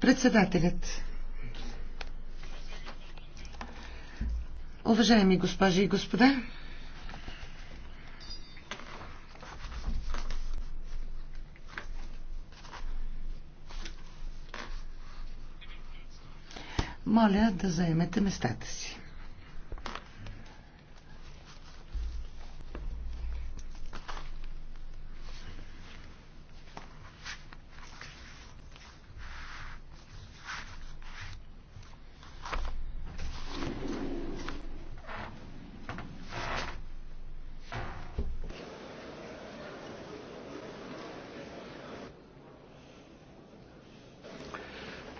Председателят. Уважаеми госпожи и господа, моля да заемете местата си.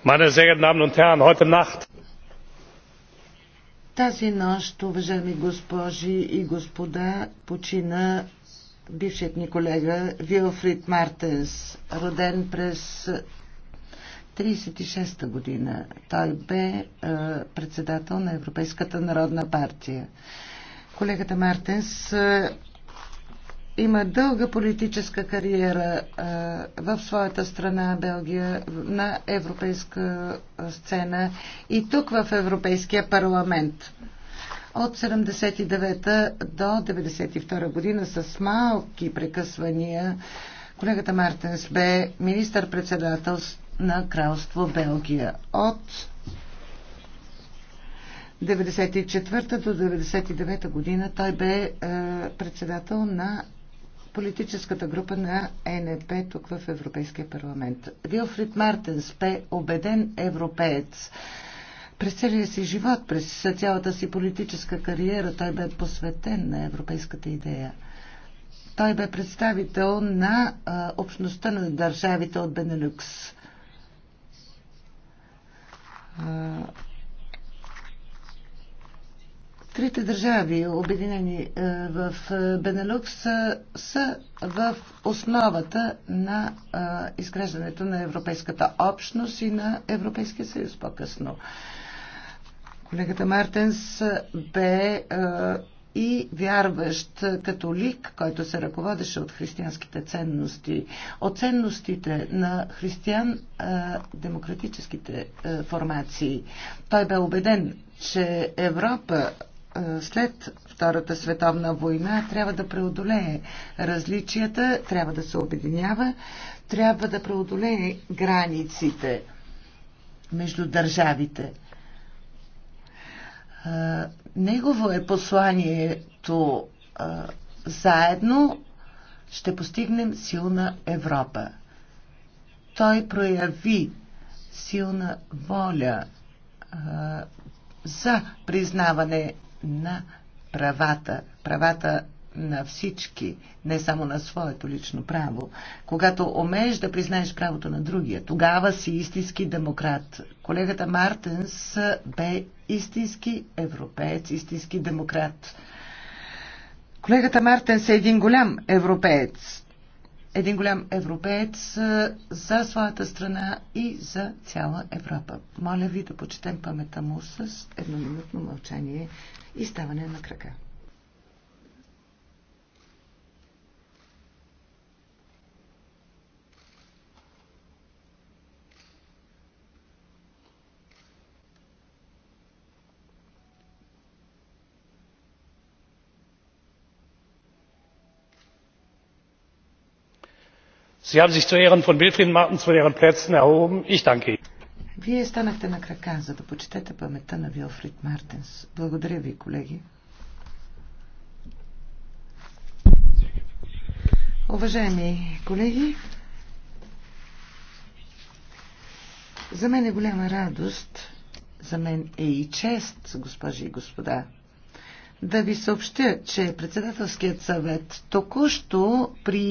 Meine sehr geehrten Damen und Herren, heute Nacht тази нощ, уважаеми госпожи и господа, почина бившият ни колега Вилфрид Мартенс, роден през 36-та година. Той бе е, председател на Европейската народна партия. Колегата Мартенс е, има дълга политическа кариера в своята страна Белгия на европейска сцена и тук в Европейския парламент. От 79-та до 92-та година с малки прекъсвания колегата Мартенс бе министър-председател на Кралство Белгия. От 1994 до 1999 година той бе е, председател на политическата група на е НП тук в Европейския парламент. Вилфрид Мартенс бе убеден европеец. През целия си живот, през цялата си политическа кариера той бе посветен на европейската идея. Той бе представител на а, общността на държавите от Бенелюкс. трите държави, обединени е, в е, Бенелюкс, са, са в основата на е, изграждането на Европейската общност и на Европейския съюз по-късно. Колегата Мартенс бе и вярващ католик, който се ръководеше от християнските ценности, от ценностите на християн-демократическите формации. Той бе убеден, че Европа след Втората световна война трябва да преодолее различията, трябва да се обединява, трябва да преодолее границите между държавите. Негово е посланието заедно ще постигнем силна Европа. Той прояви силна воля за признаване на правата, правата на всички, не само на своето лично право. Когато умееш да признаеш правото на другия, тогава си истински демократ. Колегата Мартенс бе истински европеец, истински демократ. Колегата Мартенс е един голям европеец един голям европеец за своята страна и за цяла Европа. Моля ви да почетем паметта му с едноминутно мълчание и ставане на крака. sie haben sich zu ehren von wilfried martens von ihren plätzen erhoben. ich danke ihnen. Вие станахте на крака, за да почетете паметта на Вилфрид Мартинс. Благодаря ви, колеги. Уважаеми колеги, за мен е голяма радост, за мен е и чест, госпожи и господа, да ви съобщя, че председателският съвет току-що при